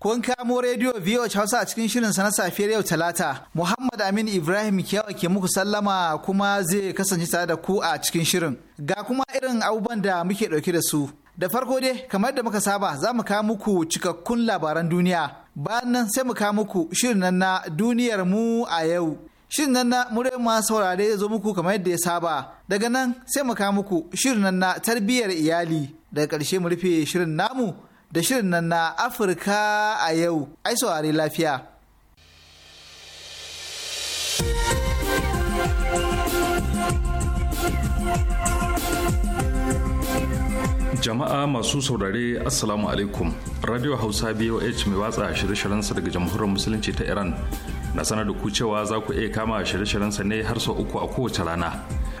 Kun kamo rediyo VOH Hausa a cikin shirin sana safiyar yau Talata. Muhammad Amin Ibrahim Kiyawa ke muku sallama kuma zai kasance tare da ku a cikin shirin. Ga kuma irin abubuwan da muke ɗauke da su. Da farko dai, kamar da muka saba, za mu kawo muku cikakkun labaran duniya. Bayan nan sai mu kawo muku shirin nan na duniyar mu a yau. Shirin nan na murai ma saurare zo muku kamar yadda ya saba. Daga nan sai mu kawo muku shirin na tarbiyyar iyali. Daga ƙarshe mu rufe shirin namu da shirin nan na Afirka a yau, ai saurari lafiya. Jama'a masu saurare Assalamu alaikum. Radio Hausa BOH mai watsa shirye sa daga Jamhuriyar Musulunci ta Iran na sanar da ku cewa za ku iya kama shirye sa ne har sau uku a kowace rana.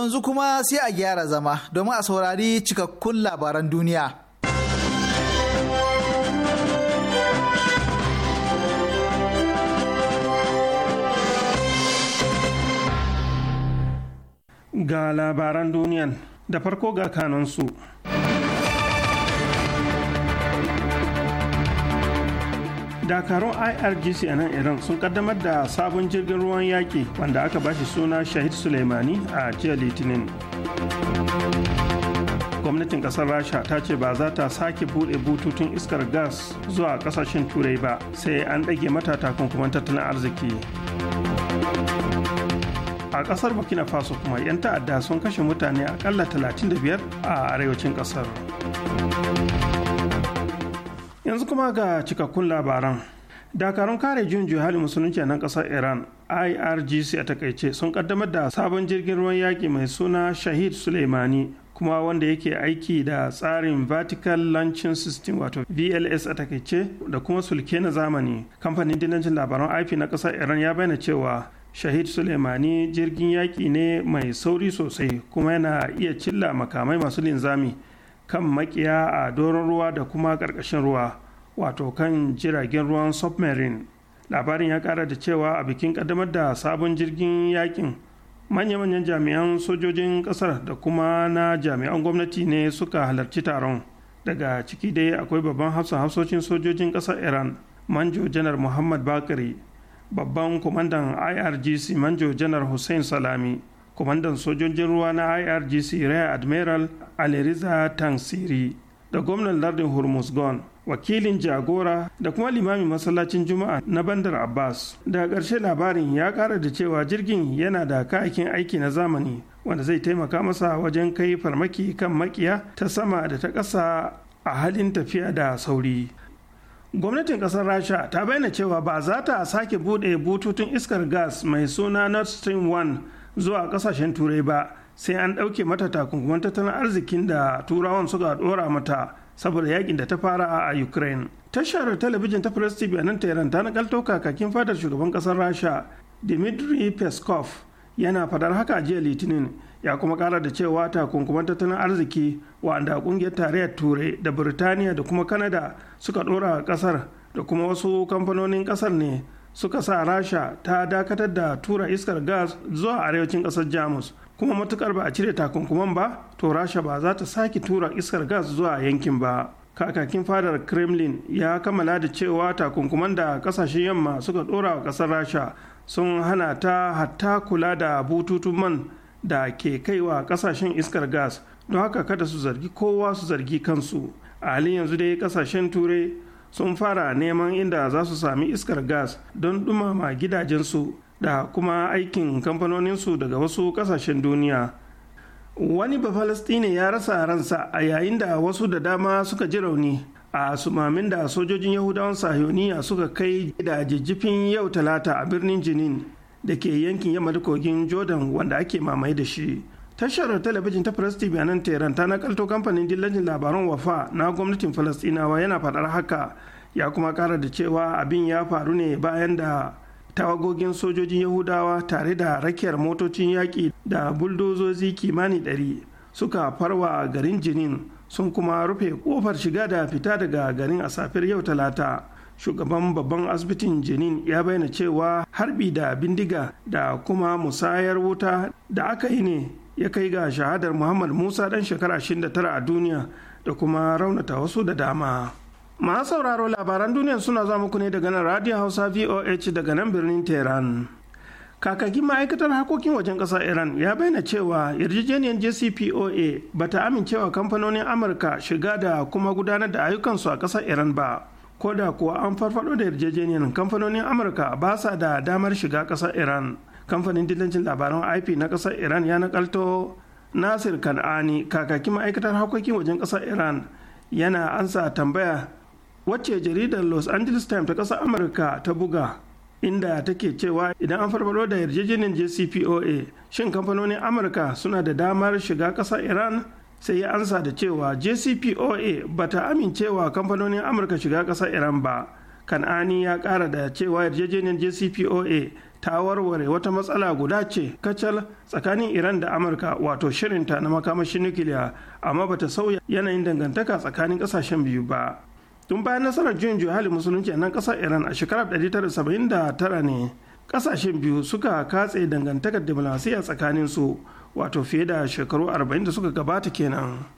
yanzu kuma sai a gyara zama domin a saurari cikakkun labaran duniya. Ga labaran duniyan da farko ga kanansu. dakarun irgc a nan iran sun kaddamar da sabon jirgin ruwan yaƙi wanda aka bashi suna shahid suleimani a jiya litinin gwamnatin kasar rasha ta ce ba za ta sake bude bututun iskar gas zuwa kasashen turai ba sai an ɗage mata takunkuman tattalin arziki a kasar burkina faso kuma 'yan ta'adda sun kashe mutane akalla 35 a arewacin kasar. yanzu kuma ga cikakkun labaran dakarun kare juyin hali musulunci a nan kasar iran irgc a takaice sun kaddamar da sabon jirgin ruwan yaƙi mai suna shahid suleimani kuma wanda yake aiki da tsarin vertical launching system wato vls a takaice da kuma sulke na zamani kamfanin dinancin labaran ip na kasar iran ya bayyana cewa shahid suleimani jirgin yaƙi ne mai sauri sosai kuma yana iya cilla makamai masu linzami kan makiya a doron ruwa da kuma ƙarƙashin ruwa wato kan jiragen ruwan submarine labarin ya ƙara da cewa a bikin ƙaddamar da sabon jirgin yakin manya-manyan jami'an sojojin ƙasar da kuma na jami'an gwamnati ne suka halarci taron daga ciki dai akwai babban hafsa hafsocin sojojin ƙasar iran manjo janar muhammad bakari babban kwamandan irgc manjo janar hussein salami kwamandan sojojin ruwa na irgc rear admiral aliriza tansiri da gwamnan lardin hormuzgon wakilin jagora da kuma limamin masallacin juma'a na bandar abbas daga ƙarshe labarin ya ƙara da cewa jirgin yana da kayakin aiki na zamani wanda zai taimaka masa wajen kai farmaki kan makiya ta sama da ta ƙasa a halin tafiya da sauri gwamnatin ƙasar rasha ta bayyana cewa ba za ta sake bude bututun iskar gas mai suna nord stream 1 zuwa kasashen turai ba sai an ɗauke mata takunkuman tattalin arzikin da turawan suka ɗora mata saboda yakin da ta fara a ukraine tashar talabijin ta press tv a nan tehran ta nakalto kakakin fadar shugaban kasar rasha dimitri peskov yana fadar haka jiya litinin ya kuma kara da cewa takunkuman tattalin arziki wanda kungiyar tarayyar turai da birtaniya da kuma kanada suka ɗora a kasar da kuma wasu kamfanonin kasar ne suka sa rasha ta dakatar da tura iskar gas zuwa arewacin ƙasar jamus kuma matukar ba a cire takunkuman ba to rasha ba za ta sake tura iskar gas zuwa yankin ba kakakin fadar kremlin ya kammala da cewa takunkuman da kasashen yamma suka dora wa kasar rasha sun hana ta hatta kula da bututun man da ke kaiwa kasashen iskar gas don haka kada su zargi kowa su zargi kansu a halin yanzu dai kasashen turai sun fara neman inda za su sami iskar gas don dumama gidajensu da kuma aikin kamfanoninsu daga wasu kasashen duniya wani bafalastine ya rasa ransa a yayin da wasu da dama suka ji rauni a sumamin da sojojin yahudawan sahiyoniya suka kai da jijjifin yau talata a birnin jinin da ke yankin yamma kogin jordan wanda ake mamaye da shi tashar talabijin ta press tv a nan tehran ta nakalto kamfanin dillacin labaran wafa na gwamnatin falastinawa yana faɗar haka ya kuma kara da cewa abin ya faru ne bayan da tawagogin sojojin yahudawa tare da rakiyar motocin yaƙi da buldozozi kimani ɗari suka farwa garin jinin sun kuma rufe kofar shiga da fita daga garin a safiyar yau talata shugaban babban asibitin jenin ya bayyana cewa harbi da bindiga da kuma musayar wuta da aka yi ne ya kai ga shahadar muhammad musa dan shekara 29 a duniya da kuma raunata wasu da dama masu sauraro labaran duniya suna zuwa muku ne daga nan radio hausa voh daga nan birnin tehran kakakin ma'aikatar harkokin wajen ƙasar iran ya bayyana cewa yarjejeniyar jcpoa ba ta amincewa kamfanonin amurka shiga da kuma gudanar da ayyukansu a ƙasar iran ba ko da kuwa an farfado da yarjejeniyar kamfanonin amurka ba sa da damar shiga ƙasar iran kamfanin dillancin labaran ip na kasar iran ya nakalto nasir kan'ani kakakin ma'aikatar harkokin wajen ƙasar iran yana ansa tambaya wacce jaridar los angeles times ta ƙasar amurka ta buga inda take cewa idan an farfaro da yarjejeniyar jcpoa shin kamfanonin amurka suna da damar shiga kasar iran sai ya ansa da cewa jcpoa ba ta amincewa kamfanonin amurka shiga kasar iran ba kan'ani ya kara da cewa yarjejeniyar jcpoa ta warware wata matsala guda ce kacal tsakanin iran da amurka wato shirinta na makamashin nukiliya amma bata sauya yanayin dangantaka tsakanin kasashen biyu ba tun bayan nasarar juyin juhali musulunci a nan kasar iran a shekarar 1979 ne kasashen biyu suka katse dangantakar diplomasiya tsakanin su wato fiye da shekaru 40 da suka gabata kenan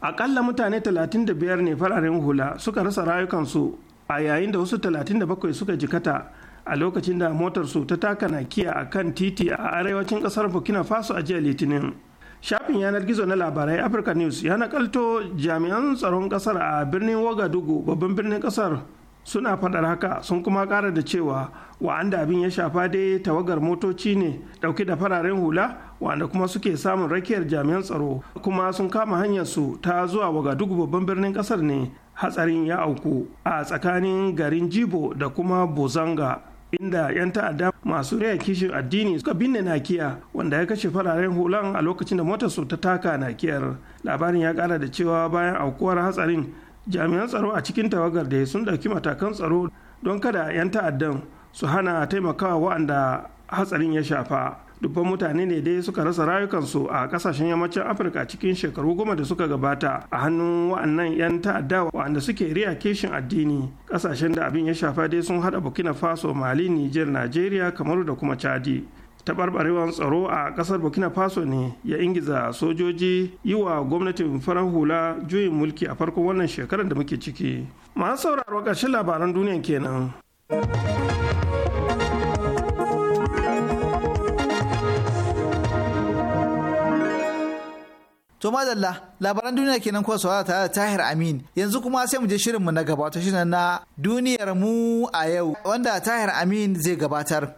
akalla mutane 35 ne fararen hula suka rasa rayukansu a yayin da wasu 37 suka jikata a lokacin da motarsu ta taka na nakiya a kan titi a arewacin kasar burkina faso a jiya litinin shafin yanar gizo na labarai africa news ya nakalto jami'an tsaron kasar a birnin wagadugu babban birnin kasar suna faɗar haka sun kuma ƙara da cewa wa'anda abin ya shafa dai tawagar motoci ne ɗauke da fararen hula wa'anda kuma suke samun rakiyar jami'an tsaro kuma sun kama hanyarsu ta zuwa wagadugu babban birnin ƙasar ne hatsarin ya auku a tsakanin garin jibo da kuma bozanga inda 'yan ta'adda masu raya kishin addini suka binne nakiya wanda ya kashe fararen hulan a lokacin da su ta taka nakiyar labarin ya kara da cewa bayan aukuwar hatsarin jami'an tsaro a cikin tawagar da sun dauki matakan tsaro don kada 'yan ta'addan su hana taimakawa waɗanda hatsarin ya shafa dubban mutane ne dai suka rasa rayukansu a kasashen yammacin afirka cikin shekaru goma da suka gabata a hannun wa'annan 'yan ta'adda wa'anda suke riya kishin addini kasashen da abin ya shafa dai sun hada burkina faso mali niger nigeria kamar da kuma chadi taɓarɓarewar tsaro a ƙasar burkina faso ne ya ingiza sojoji yi wa gwamnatin farar hula juyin mulki a farkon wannan shekarar da muke ciki masu sauraro ƙarshen labaran duniya kenan. To madalla labaran duniya kenan kuwa saurara tare da Tahir Amin. Yanzu kuma sai mu je shirin mu na gaba ta shirin na duniyar mu a yau wanda Tahir Amin zai gabatar.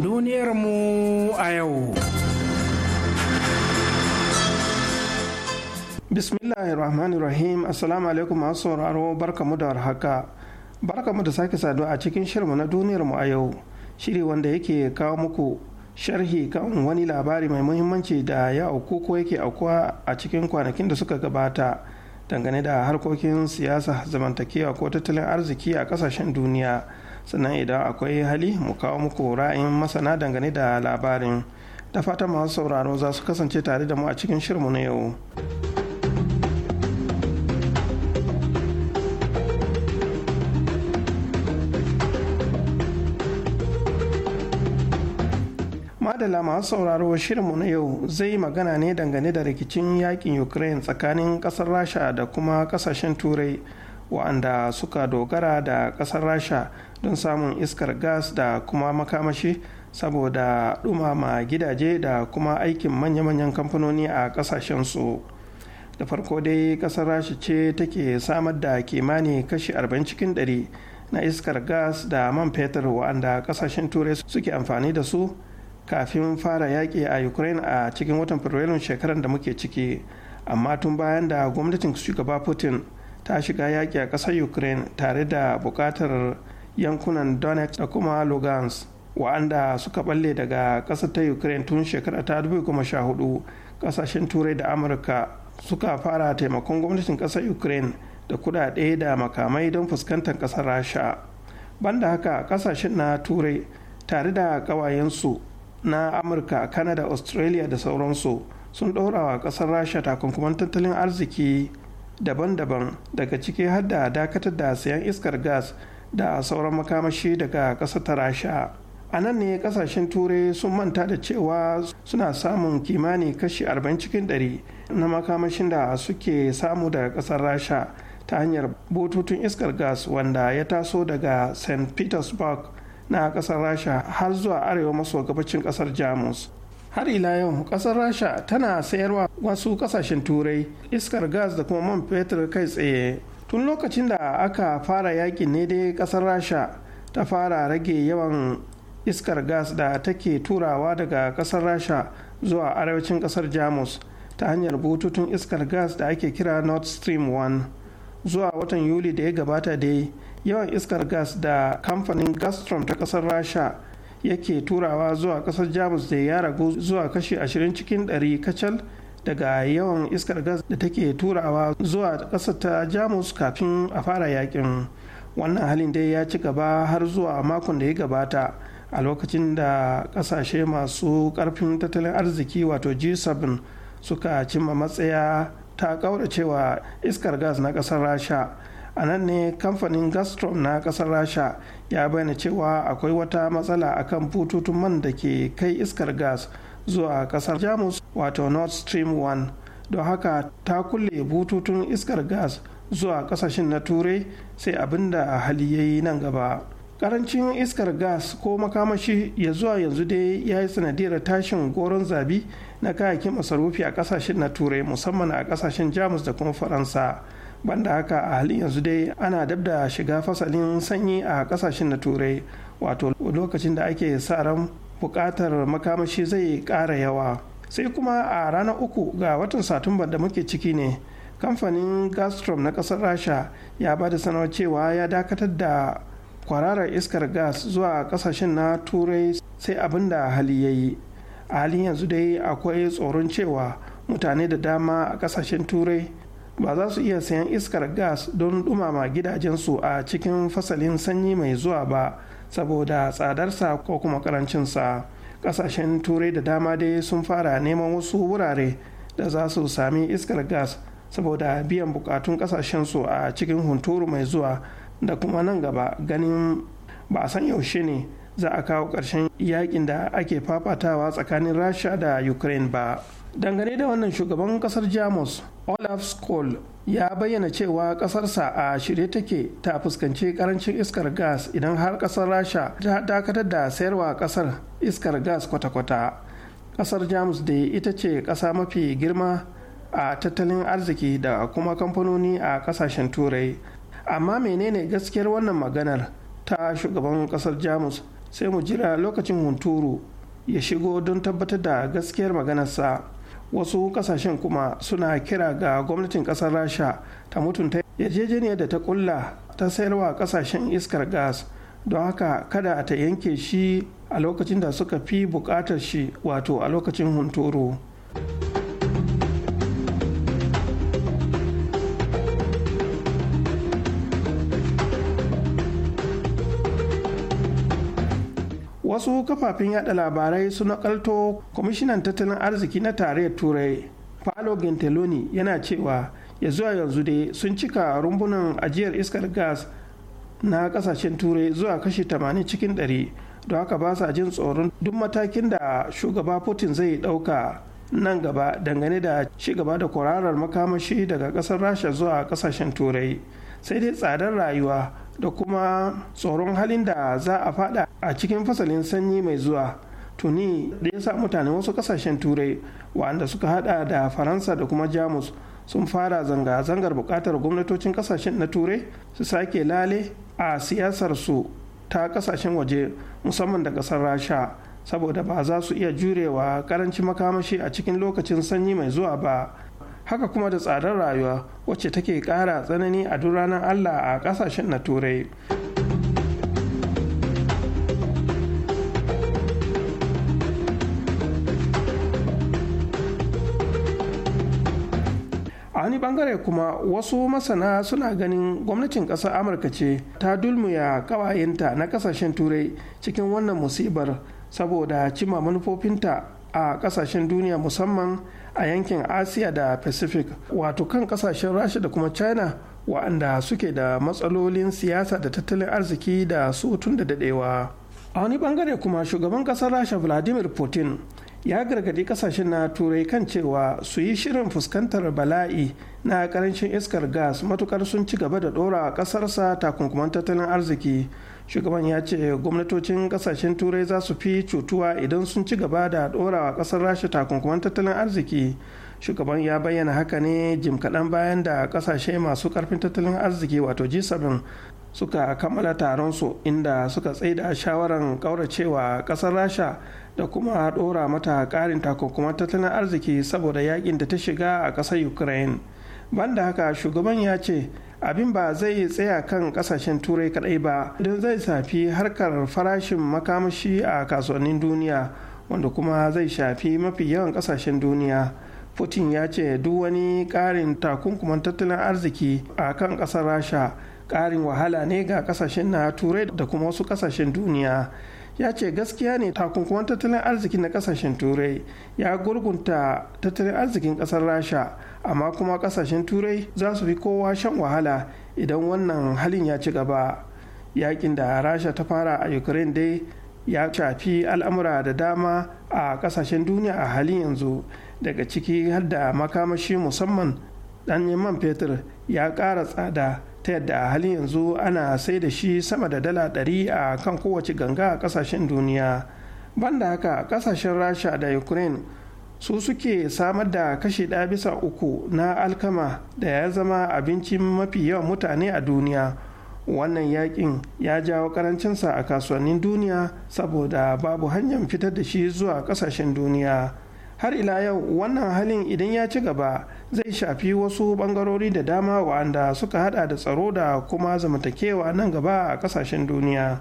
Duniyar mu a yau. Bismillahirrahmanirrahim. Assalamu alaikum masu sauraro barkamu da warhaka. mu da sake saduwa a cikin shirmu na duniyar mu a yau shiri wanda yake kawo muku sharhi kan wani labari mai muhimmanci da ya auku ko yake aukuwa a cikin kwanakin da suka gabata dangane da harkokin siyasa zamantakewa ko tattalin arziki a kasashen duniya sannan idan akwai hali mu kawo muku ra'ayin masana dangane da labarin da fatan masu sauraro za su kasance tare da mu a cikin shirmu na yau. adala masu sauraro shirinmu na yau zai magana ne dangane da rikicin yakin ukraine tsakanin kasar rasha da kuma kasashen turai wa'anda suka dogara da kasar rasha don samun iskar gas da kuma makamashi saboda dumama gidaje da kuma aikin manya-manyan kamfanoni a kasashensu da farko dai kasar rasha ce take samar da kimani kashi 40 cikin 100 na iskar gas da man fetur wa'anda kasashen turai suke amfani da su kafin fara yaƙi a ukraine a cikin watan fabrairun shekarar da muke ciki amma tun bayan da gwamnatin shugaba putin ta shiga yaƙi a ƙasar ukraine tare da buƙatar yankunan donetsk da kuma lugansk wa'anda suka balle daga ƙasar ta ukraine tun shekara ta hudu ƙasashen turai da amurka suka fara taimakon gwamnatin ƙasar ukraine da kuɗaɗe da makamai don fuskantar ƙasar rasha banda haka ƙasashen na turai tare da ƙawayensu na amurka canada australia da sauransu sun ɗorawa ƙasar rasha takunkuman tattalin arziki daban-daban daga ciki har da dakatar da sayan iskar gas da sauran makamashi daga ƙasar ta rasha a nan ne ƙasashen turai sun manta da cewa suna samun kimanin kashi 40 cikin 100 na makamashin da suke samu daga ƙasar rasha ta hanyar bututun iskar gas wanda ya taso daga st petersburg na kasar rasha har zuwa arewa maso gabacin kasar jamus har ila yau kasar rasha tana sayarwa wasu kasashen turai iskar gas da kuma man fetur kai tsaye tun lokacin da aka fara yakin ne dai kasar rasha ta fara rage yawan iskar gas da take turawa daga kasar rasha zuwa arewacin kasar jamus ta hanyar bututun iskar gas da ake kira nord stream 1 zuwa watan yuli da ya gabata dai yawan iskar gas da kamfanin gastrom ta kasar rasha yake turawa zuwa kasar jamus da ya ragu zuwa kashi 20 cikin 100 kacal daga yawan iskar gas da take turawa zuwa kasar ta jamus kafin a fara yakin wannan halin dai ya ci gaba har zuwa makon da ya gabata a lokacin da kasashe masu karfin tattalin arziki wato g7 suka cimma matsaya ta kauracewa iskar gas na kasar rasha a nan ne kamfanin gastrom na kasar rasha ya bayyana cewa akwai wata matsala akan bututun man da ke kai iskar gas zuwa kasar jamus wato nord stream 1 don haka ta kulle bututun iskar gas zuwa kasashen na turai sai abin da hali ya yi nan gaba karancin iskar gas ko makamashi ya zuwa yanzu dai ya yi sanadiyar tashin goron zabi na kayayyakin masarufi a kasashen na turai musamman a kasashen jamus da kuma faransa banda haka a halin yanzu dai ana dab da shiga fasalin sanyi a kasashen na turai wato lokacin da ake sa ran buƙatar makamashi zai kara yawa sai kuma a ranar uku ga watan satumba da muke ciki ne kamfanin gastrom na kasar rasha ya ba da sanar cewa ya dakatar da kwararar iskar gas zuwa kasashen na turai sai abin da hali ya yi a halin yanzu dai akwai tsoron cewa mutane da dama a kasashen turai ba za su iya sayan iskar gas don dumama gidajensu a cikin fasalin sanyi mai zuwa ba saboda tsadarsa ko kuma karancinsa kasashen turai da dama dai sun fara neman wasu wurare da za su sami iskar gas saboda biyan bukatun kasashensu a cikin hunturu mai zuwa da kuma nan gaba ganin ba a san yaushe ne za a kawo ƙarshen yakin da ake fafatawa tsakanin rasha da ukraine ba. dangane da wannan shugaban kasar jamus olaf skoll ya bayyana cewa kasarsa a shirye take ta fuskanci karancin iskar gas idan har kasar rasha ta dakatar da sayarwa kasar iskar gas kwata-kwata kasar jamus da ita ce kasa mafi girma a tattalin arziki da kuma kamfanoni a kasashen turai amma menene gaskiyar wannan maganar ta shugaban kasar jamus sai mu jira lokacin hunturu ya shigo don tabbatar da gaskiyar maganarsa wasu kasashen kuma suna kira ga gwamnatin kasar rasha ta mutunta yarjejeniyar da ta kulla ta sayarwa kasashen iskar gas don haka kada ta yanke shi a lokacin da suka fi bukatar shi wato a lokacin hunturu. wasu kafafen yada labarai sun nakalto kwamishinan tattalin arziki na tarayyar turai paolo genteloni yana cewa ya zuwa yanzu dai sun cika rumbunan ajiyar iskar gas na kasashen turai zuwa kashi 80 cikin 100 don haka ba sa jin tsoron duk matakin da shugaba putin zai dauka nan gaba dangane da ci gaba da kwararar makamashi daga kasar rasha zuwa kasashen turai sai dai tsadar rayuwa da kuma tsoron halin da za a fada a cikin fasalin sanyi mai zuwa tuni da ya sa mutane wasu kasashen turai wa'anda suka hada da faransa da kuma jamus sun fara zanga-zangar buƙatar gwamnatocin kasashen na turai su sake lale a siyasar su ta kasashen waje musamman da ƙasar rasha saboda ba za su iya jurewa ƙarancin makamashi a cikin lokacin sanyi mai zuwa ba haka kuma da tsadar rayuwa wacce take kara tsanani a duk ranar allah a kasashen na turai a wani bangare kuma wasu masana suna ganin gwamnatin ƙasar amurka ce ta dulmuya kawayenta na ƙasashen turai cikin wannan musibar saboda cima manufofinta a ƙasashen duniya musamman a yankin asiya da pacific wato kan kasashen rasha da kuma china wa'anda suke da matsalolin siyasa da tattalin arziki da su tun da dadewa a wani bangare kuma shugaban kasar rasha vladimir putin ya gargadi kasashen na turai kan cewa su yi shirin fuskantar bala'i na karancin iskar gas matukar sun ci gaba da dora kasarsa takunkuman tattalin arziki shugaban ya ce gwamnatocin kasashen turai za su fi cutuwa idan sun ci gaba da dorawa kasar rasha takunkuman tattalin arziki shugaban ya bayyana haka ne jim kaɗan bayan da kasashe masu karfin tattalin arziki wato g7 suka kammala taron su inda suka tsaida shawarar ƙauracewa ƙasar rasha da kuma dora mata karin takunkuman tattalin arziki saboda yakin da ta shiga a ƙasar ukraine banda haka shugaban ya ce abin ba zai tsaya kan kasashen turai kadai ba don zai shafi harkar farashin makamashi a kasuwannin duniya wanda kuma zai shafi mafi yawan kasashen duniya putin ya ce duk wani karin takunkuman tattalin arziki a kan kasar rasha karin wahala ne ga kasashen na turai da kuma wasu kasashen duniya ya ce gaskiya ne takunkuman tattalin arziki na kasashen turai ya gurgunta tattalin arzikin kasar rasha amma kuma kasashen turai za su fi kowa shan wahala idan wannan halin ya ci gaba yakin da rasha ta fara a ukraine dai ya shafi al'amura da dama a kasashen duniya a halin yanzu daga ciki har da makamashi musamman dan man fetur ya kara tsada ta yadda a halin yanzu ana sai da shi sama da dala ɗari a kan kowace ganga a kasashen duniya banda haka kasashen rasha da ukraine su suke samar da kashi ɗaya bisa uku na alkama da ya zama abinci mafi yawan mutane a duniya wannan yakin ya jawo karancinsa a kasuwannin duniya saboda babu hanyar fitar da shi zuwa ƙasashen duniya har ila yau wannan halin idan ya ci gaba zai shafi wasu bangarori da dama wa'anda suka hada da tsaro da kuma zamantakewa nan gaba a ƙasashen duniya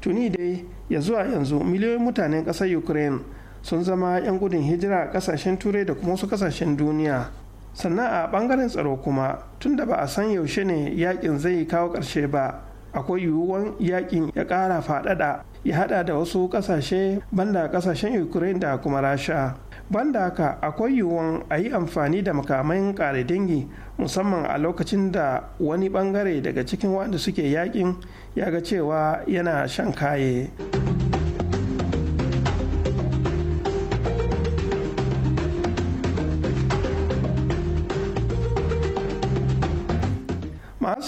tuni dai ya zuwa yanzu miliyoyin mutanen ƙasar ukraine sun zama 'yan gudun hijira a kasashen turai da kuma wasu kasashen duniya sannan a bangaren tsaro kuma tunda ba a san yaushe ne yakin zai kawo ƙarshe ba akwai yiwuwan yakin ya ƙara faɗaɗa ya haɗa da wasu ƙasashe banda ƙasashen ukraine da kuma rasha banda haka akwai yiwuwan a yi amfani da makamain ƙare dangi musamman a lokacin da wani bangare daga cikin waɗanda suke yakin ya ga cewa yana shan kaye.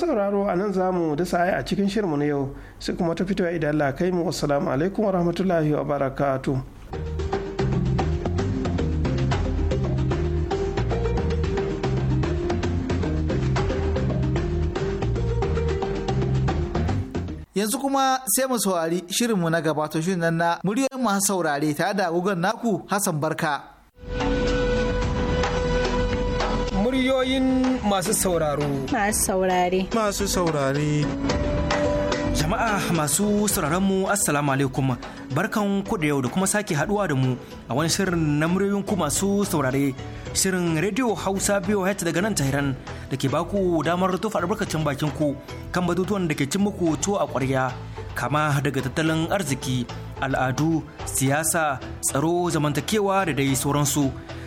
sauraro a nan za mu dasa a cikin shirmu na yau sai kuma ta fitowa idan Allah kai mu assalamu alaikum wa rahmatullahi wa yanzu kuma sai mu saurari shirinmu na gabato shirin nan na muryoyin masu saurare tare da gugan naku Hassan Barka. Muryoyin masu sauraro. Masu saurare. Masu saurare. Jama'a masu sauraron mu Assalamu alaikum. Barkan ku da yau da kuma sake haduwa da mu a wani shirin na muryoyin ku masu saurare. Shirin Radio Hausa biyo hat daga nan tahiran da ke baku damar tofa albarkacin bakin ku kan batutuwan da ke cin muku tuwo a kwarya kama daga tattalin arziki, al'adu, siyasa, tsaro, zamantakewa da dai sauransu.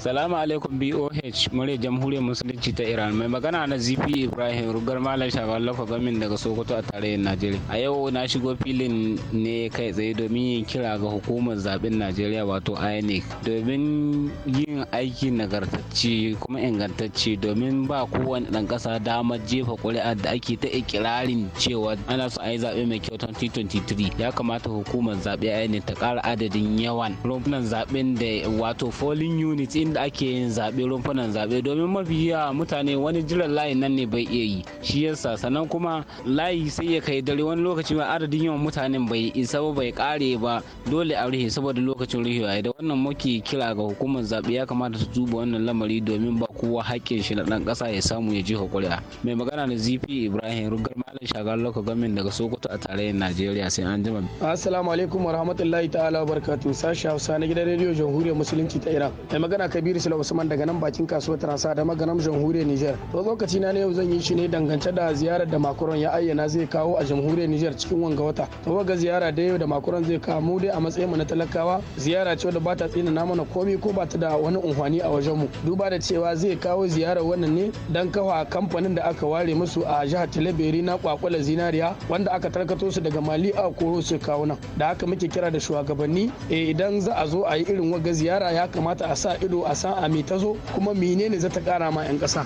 Salamu alaikum BOH murya jamhuriyar musulunci ta Iran mai magana na ZP Ibrahim rugar malam shagon lafa gamin daga Sokoto a tarayyar Najeriya. A yau na shigo filin ne kai tsaye domin yin kira ga hukumar zaben Najeriya wato INEC domin yin aiki nagartacce kuma ingantacce domin ba kowane ɗan ƙasa damar jefa ƙuri'a da ake ta ikirarin cewa ana so a yi zaɓe mai kyau 2023 ya kamata hukumar zaɓe INEC ta ƙara adadin yawan rumfunan zaɓen da wato polling unit in da ake yin zaɓe rumfunan zaɓe domin mafi yawa mutane wani jiran layi nan ne bai iya yi shi yasa sannan kuma layi sai ya kai dare wani lokaci ba adadin yawan mutanen bai isa ba bai kare ba dole a rihe saboda lokacin rihewa da wannan muke kira ga hukumar zaɓe ya kamata su duba wannan lamari domin ba kowa haƙƙin shi na dan ƙasa ya samu ya jefa ƙuri'a mai magana da zp ibrahim rugar malam shagar lokacin gamin daga sokoto a tarayyar najeriya sai an jima assalamu alaikum warahmatullahi ta'ala barkatu sashi hausa na gidan rediyo jamhuriyar musulunci ta iran mai magana kabiru sula usman daga nan bakin kasuwar transa da maganar jamhuriyar niger to lokaci na yau zan yi shi ne dangance da ziyarar da makuron ya ayyana zai kawo a jamhuriyar niger cikin wanga wata to waga ziyara da yau da makuron zai kawo mu dai a matsayin mu na talakawa ziyara ce wadda ba ta tsina mana komai ko ba ta da wani unhwani a wajen mu duba da cewa zai kawo ziyarar wannan ne dan kafa kamfanin da aka ware musu a jihar talabiri na kwakwala zinariya wanda aka tarkato su daga mali a koro su kawo nan da haka muke kira da shugabanni eh, idan za a zo a yi irin waga ziyara ya kamata a sa ido a san a ta zo kuma menene za ta kara ma 'yan ƙasa.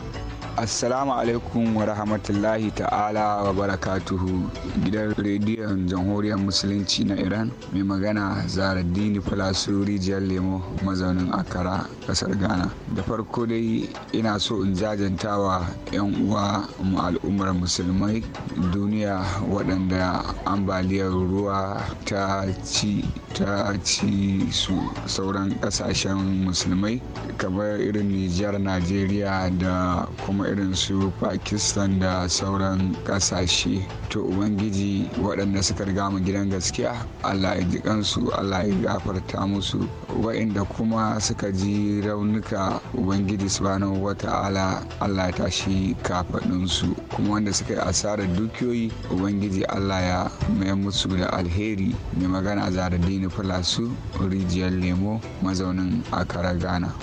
Assalamu alaikum wa rahmatullahi ta'ala wa barakatuhu gidan rediyon jamhuriyar musulunci na Iran mai magana Zaraddini Falasu rijiyar Lemo mazaunin Akara kasar Ghana. Da farko dai ina so in jajantawa 'yan uwa mu al'ummar musulmai duniya waɗanda ambaliyar ruwa ta ci ta ci su sauran ƙasashen musulmai kamar irin nijar najeriya da kuma irin su pakistan da sauran kasashe to ubangiji waɗanda suka riga mu gidan gaskiya allah ya kansu allah ya gafarta musu wa'inda kuma suka ji raunuka ubangiji subhanahu ta'ala, allah ya tashi kafaɗinsu kuma wanda suka yi asarar dukiyoyi ubangiji allah ya mai musu da alheri mai magana dini, fulasu rijiyar lemo mazaunin akara ghana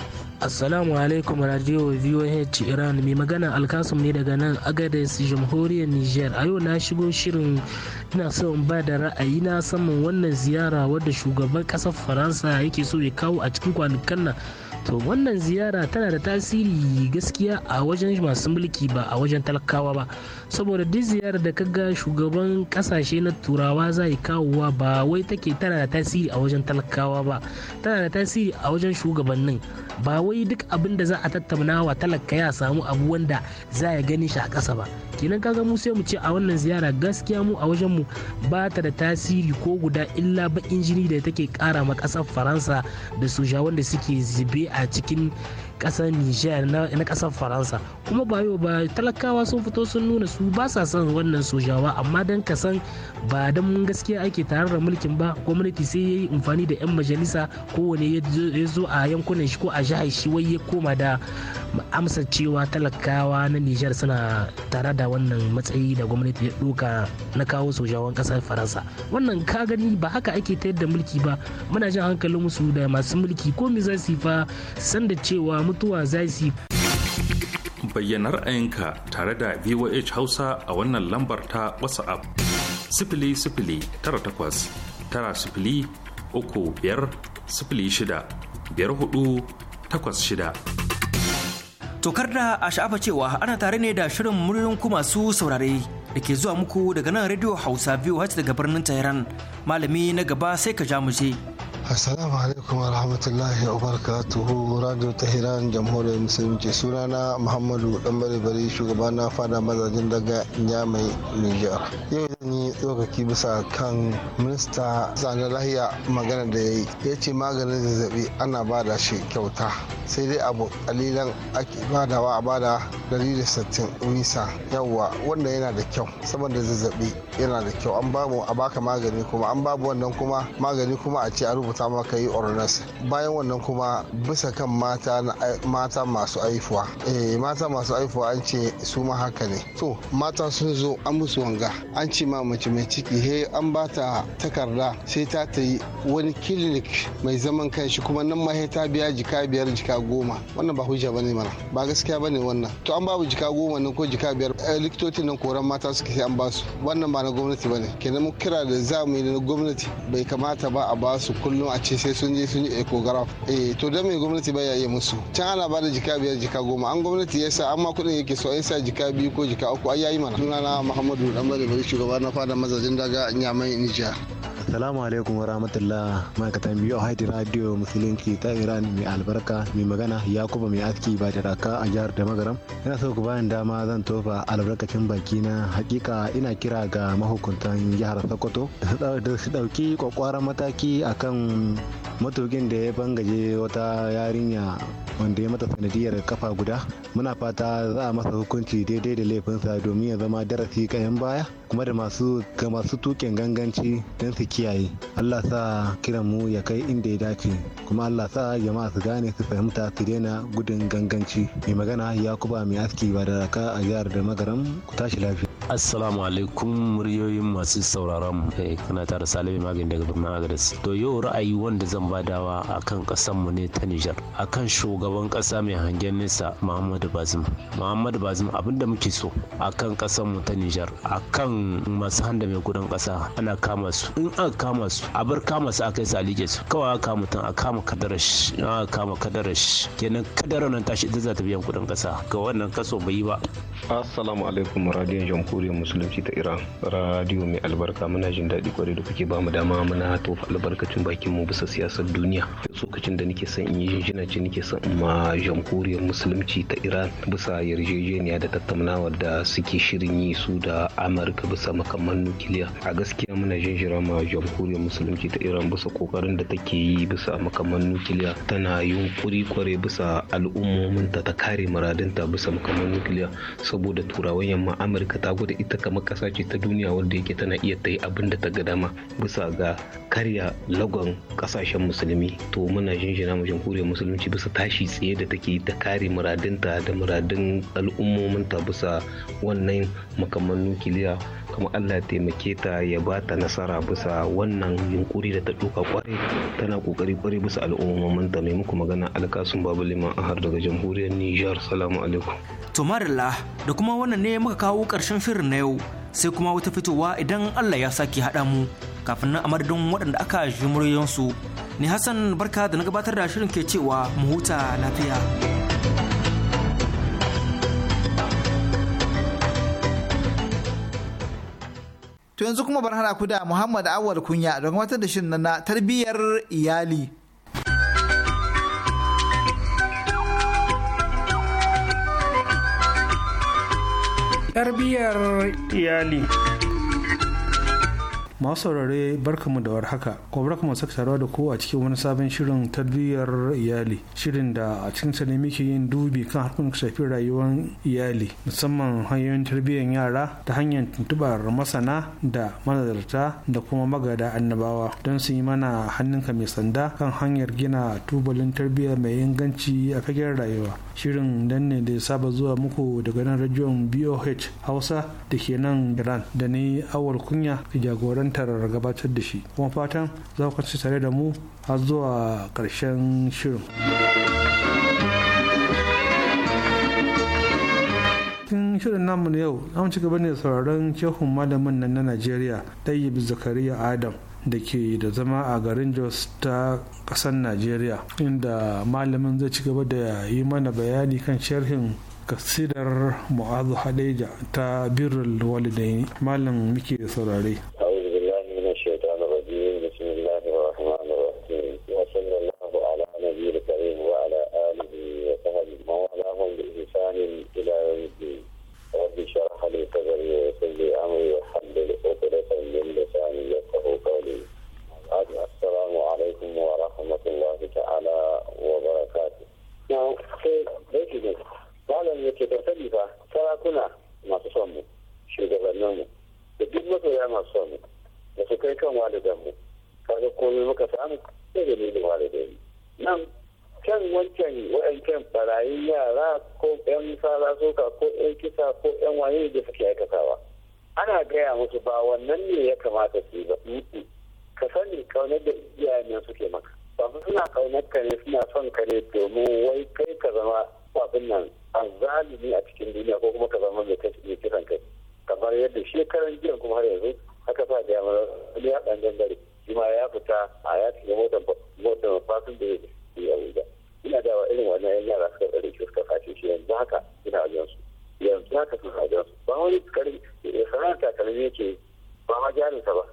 Assalamu alaikum radio VOH Iran mai magana Alkasum ne daga nan Agadez Jamhuriyar Niger. A yau na shigo shirin ina so in ba da ra'ayi na saman wannan ziyara wadda shugaban ƙasar Faransa yake so ya kawo a cikin kwanakan nan to wannan ziyara tana da tasiri gaskiya a wajen masu mulki ba a wajen talakawa ba saboda duk ziyara da ka ga shugaban kasashe na turawa zai kawowa ba wai take tana da tasiri a wajen talakawa ba tana da tasiri a wajen shugabannin ba wai duk abin da za a tattauna wa talaka ya samu abu wanda za ya gani shi a kasa ba kenan kaga mu sai mu ce a wannan ziyara gaskiya mu a wajen mu ba ta da tasiri ko guda illa bakin jini da take kara ma ƙasar faransa da soja wanda suke zube a cikin kasar Nijar na kasar faransa kuma ba yau ba talakawa sun fito sun nuna su ba sa son wannan sojawa amma dan kasan san ba dan mun gaskiya ake tare da mulkin ba gwamnati sai yayi amfani da yan majalisa kowane ya zo a yankunan shi ko a jihar shi wai ya koma da amsa cewa talakawa na Nijar suna tare da wannan matsayi da gwamnati ya doka na kawo sojawan kasar faransa wannan ka gani ba haka ake tayar da mulki ba muna jin hankalin musu da masu mulki ko me za su yi fa san da cewa mutuwa za su bayyana ra'ayinka tare da voh hausa a wannan lambar ta whatsapp sifili sifili tara takwas tara sifili uku biyar sifili shida biyar hudu takwas shida tokar da a sha'afa cewa ana tare ne da shirin muryoyin masu saurare da ke zuwa muku daga nan radio hausa voh daga birnin tehran malami na gaba sai ka ja mu je Assalamu alaikum wa rahmatullahi wa barakatuhu Radio Tahiran Jamhuriyar Musulunci sunana Muhammadu dan Bari shugaba na fada mazajin daga Nyamai Niger. Yau zan yi tsokaki bisa kan minista zanen lahiya magana da ya yi. Ya ce maganin zazzabi ana bada shi kyauta sai dai abu kalilan ake badawa a bada 160 nisa yawa wanda yana da kyau saboda zazzabi yana da kyau an babu a baka magani kuma an babu wannan kuma magani kuma a ce a rubuta mata maka yi ordinance bayan wannan kuma bisa kan mata mata masu aifuwa eh mata masu aifuwa an ce su ma haka ne to mata sun zo an musu wanga an ce ma mace mai ciki he an bata takarda sai ta ta yi wani clinic mai zaman kanshi kuma nan ma ta biya jika biyar jika goma wannan ba hujja bane mana ba gaskiya bane wannan to an babu jika goma nan ko jika biyar eh, likitocin nan koran mata suke sai an ba su wannan ba na gwamnati bane kenan mu kira da zamu mu yi na gwamnati bai kamata ba a su kullum a ce sai sun je sun yi ecograph eh to da mai gwamnati baya yi musu can ana bada jika biyar jika goma an gwamnati ya sa amma kudin yake so ya sa jika biyu ko jika uku ai yayi mana sunana muhammadu dan bari bari shugaba na fada mazajin daga nyamai nija Assalamu alaikum wa rahmatullah ma'aikatan biyu a haiti radio musulunci ta Iran mai albarka mai magana Yakuba mai aski ba da raka a jihar da magaram. Ina so ku bayan dama zan tofa albarkacin baki na hakika ina kira ga mahukuntan jihar Sokoto da su dauki kwakwaran mataki akan matokin matukin da ya bangaje wata yarinya wanda ya mata sanadiyar kafa guda muna fata za a masa hukunci daidai da laifinsa domin ya zama darasi kayan baya kuma da masu ga masu tukin ganganci don su kiyaye allah sa kiran mu ya kai inda ya dace kuma allah sa jama'a su gane su fahimta su daina gudun ganganci mai magana ya yakuba mai aski ba da raka a jihar da magaram ku tashi lafiya assalamu alaikum muryoyin masu sauraron mu eh, kana tare salami magani daga birnin agadas to yau ra'ayi wanda zan badawa akan kasan mu ne ta nijar akan shugaban kasa mai hangen nesa muhammadu bazum muhammadu bazum abinda muke so akan kasan mu ta nijar akan masu handa mai gudun kasa ana kama su in aka kama su a bar kama su akai su alike su kawai aka kama mutum a kama shi aka kama shi kenan kadarar nan tashi ita za ta biyan kudin kasa ga wannan kaso bai yi ba assalamu alaikum radiyon jamhuriyar musulunci ta iran radiyo mai albarka muna jin daɗi kwarai da kuke bamu dama muna tofa albarkacin bakin mu bisa siyasar duniya lokacin da nake son in yi jinjina ce nake son ma jamhuriyar musulunci ta iran bisa yarjejeniya da tattaunawar da suke shirin yi su da amurka bisa makamman nukiliya a gaskiya muna jinjira ma jamhuriyar musulunci ta iran bisa kokarin da take yi bisa makamman nukiliya tana yunkuri kware bisa al'ummomin ta kare muradinta bisa makamman nukiliya saboda turawan yamma amurka ta gwada ita kamar kasa ce ta duniya wanda yake tana iya ta yi abin da ta ga dama bisa ga karya lagon kasashen musulmi to muna jinjira ma jamhuriyar musulunci bisa tashi tsaye da take ta kare muradinta da muradin al'ummominta bisa wannan makamman nukiliya kuma allah ya taimake ta ya ba ta nasara bisa wannan yunkuri da ta duka kwarai tana kokari kwarai bisa al'ummomin ta mai muku magana alkasun babu liman har daga jamhuriyar nijar salamu alaikum to marilla da kuma wannan ne muka kawo karshen shirin na yau sai kuma wata fitowa idan allah ya sake haɗa mu kafin nan a madadin waɗanda aka ji su ni hassan barka da na gabatar da shirin ke cewa mu huta lafiya. To yanzu kuma bar hana ku da Muhammad Awal Kunya don wata da shirin na tarbiyyar iyali. Tarbiyyar iyali. masu saurare barkamu da warhaka ko barkamu saka saruwa da ku a cikin wani sabon shirin tarbiyyar iyali shirin da a cikin sa ne muke yin dubi kan harkokin shafi rayuwar iyali musamman hanyoyin tarbiyyar yara ta hanyar tuntubar masana da manazarta da kuma magada annabawa don su yi mana hannunka mai sanda kan hanyar gina tubalin tarbiyya mai inganci a fagen rayuwa shirin dan ne da saba zuwa muku daga nan rajiyon boh hausa da ke nan iran da ni awal kunya ke jagoran cancantar gabatar da shi kuma fatan za ku kasance tare da mu har zuwa ƙarshen shirin cikin shirin namu na yau an ci gaba ne sauraron cehun malamin nan na najeriya ɗayyib zakariya adam da ke da zama a garin jos ta ƙasar najeriya inda malamin zai ci gaba da yi mana bayani kan sharhin kasidar mu'azu hadeja ta birrul walidaini malam muke saurare ana gaya musu ba wannan ne ya kamata su ba ba ka sani kaunar da iyayen suke maka ba su suna kaunar ka ne suna son ka ne domin wai kai ka zama abin nan zalimi a cikin duniya ko kuma ka zama mai kashi kisan kai kamar yadda shekaran jiya kuma har yanzu haka sa da yamma wani ya ɗan shi ma ya fita a ya shiga motar motar fasin da ya yi abuja ina da wa irin wannan yan yara suka tsare shi suka fashe shi yanzu haka ina wajen su yanzu haka sun hajjar ba wani karin sanar takalmi yake ba ma jarinsa ba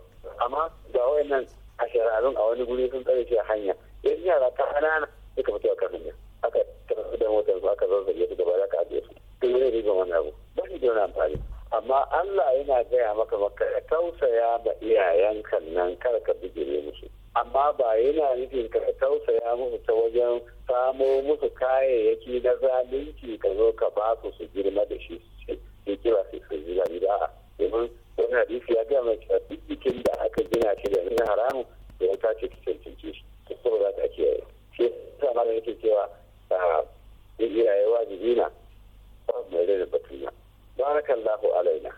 amma ga wayannan a shahararrun a wani guri sun tsare shi a hanya yanzu yara ta ƙanana suka fito a kan hanya aka tafi da motar su aka zazzage su gaba da aka ajiye su duk wani riba wani abu ba shi da wani amfani amma Allah yana gaya maka maka tausaya ma iyayenka nan kar ka bijire musu amma ba yana nufin ka tausaya musu ta wajen samo musu kayayyaki na zalunci ka zo ka ba su su girma da shi su kira su su ji zami da domin wani hadisi ya gama cewa jikin da aka gina shi da nuna haramun da ya tace ta cancanci shi ta saboda ta ke yi shi ta mara da yake cewa a ah, yin rayuwa na ba mai rai da batuna barakallahu alaina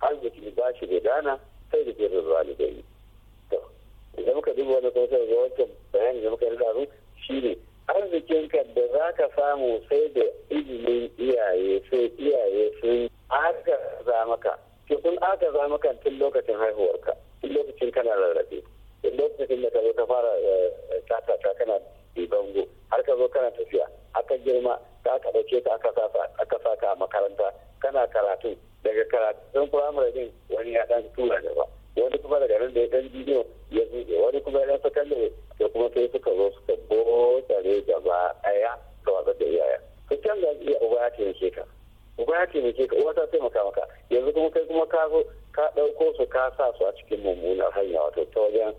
arziki ba shi da dana sai da jirin walidai to idan ka duba wani kuma sai ga wancan bayani da muka yi daru shi ne arzikinka da za ka samu sai da izinin iyaye sai iyaye sun za maka to sun za maka tun lokacin haihuwarka tun lokacin kana rarrabe tun lokacin da ka zo ka fara eh, tata ta kana bango har ka zo kana tafiya aka girma ka aka ɗauke ka aka sa ka a makaranta kana karatu daga karatun firamare din wani ya dan tura gaba wani kuma daga nan da ya dan bidiyo ya zuge wani kuma ya ne da kuma sai suka zo suka botare gaba ɗaya ga watsar da iyaye ka can ga iya uba ya taimake ka uba ya taimake ka uba ta taimaka maka yanzu kuma kai kuma ka zo ka ɗauko su ka sa su a cikin mummunar hanya wato ta wajen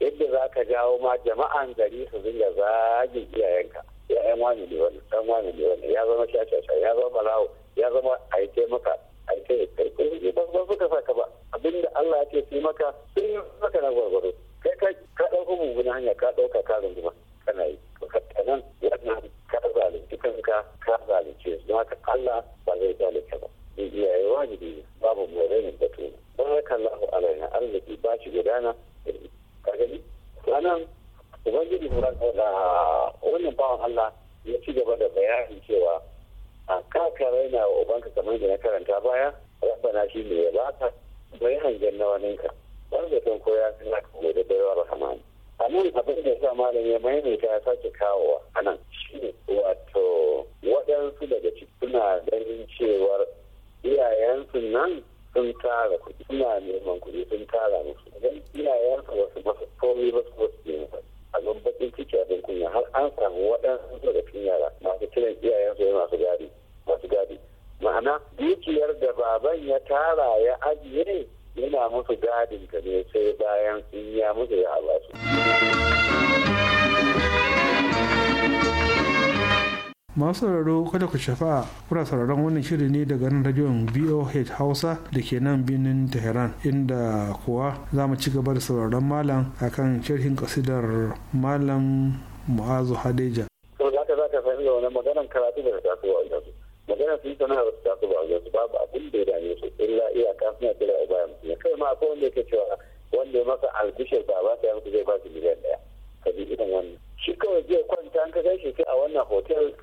yadda za ka jawo ma jama'an gari su dinga zagin iyayenka iyayen wani ne wani ɗan wani ne wani ya zama shashasha ya zama balawo ya zama a yi taimaka ai kai kai kai ba suka saka ba abinda Allah ya ce su maka sun yi maka na kai ka ka dauko mummuna hanya ka dauka ka runguma kana yi to ka tanan wannan ka zalunci kanka ka zalunce don haka Allah ba zai zalunce ba zai iya yi wajibi babu more ne da tuna barakallahu alaina arziki ba shi gudana ka gani ranan ubangiji da wannan bawan Allah ya ci gaba da bayanin cewa a kaka raina wa ubanka kamar da na karanta baya rabana shi ne ya baka bai hangen na ka wani da tun ya sun haka gobe da yawa rahamani a nan abin da sa malam ya maimaita ya sake kawowa a nan wato waɗansu daga ciki suna ganin cewar iyayensu nan sun tara kuɗi suna neman kuɗi sun tara musu idan iyayensu wasu masu komai ba su wasu ne A abin bakin ciki abin kunya har an samu waɗansu daga cikin yara masu kiran iyayensu ya masu gadi masu gadi ma'ana dukiyar da baban ya tara ya ajiye yana musu gadin ka ne sai bayan sun ya musu ya halasu. masu sauraro kada ku shafa kuna sauraron wannan shiri ne daga nan rajon boh hausa da ke nan birnin tehran inda kuwa za mu ci gaba da sauraron malam akan sharhin kasidar malam mu'azu hadeja to zata ka za maganar karatu a yanzu maganar sun tana da ta taso a yanzu babu abin da ya dame su illa iyaka suna kira a bayan mutum kai ma akwai wanda yake cewa wanda ya masa albishir ba ba ta yanku zai ba shi miliyan daya ka wannan shi kawai zai kwanta an ka gaishe shi a wannan hotel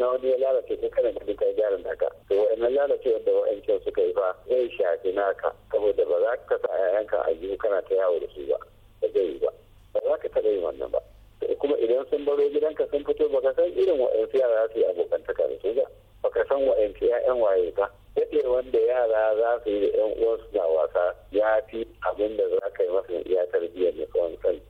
na wani ya lalace ko kana da duka gyara naka to wa'annan lalacewa da wa'ancan suka yi ba zai shafi naka saboda ba za ka sa 'ya'yanka a jihu kana ta yawo da su ba ba zai yi ba ba za ka taɓa yin wannan ba kuma idan sun baro gidanka sun fito ba ka san irin wa'ansu yara su yi abokantaka da su ba ka san wa'ansu 'ya'yan waye ba daɗe wanda yara za su yi da 'yan uwansu na wasa ya fi abin da za ka yi masa iya tarbiyyar ne kawai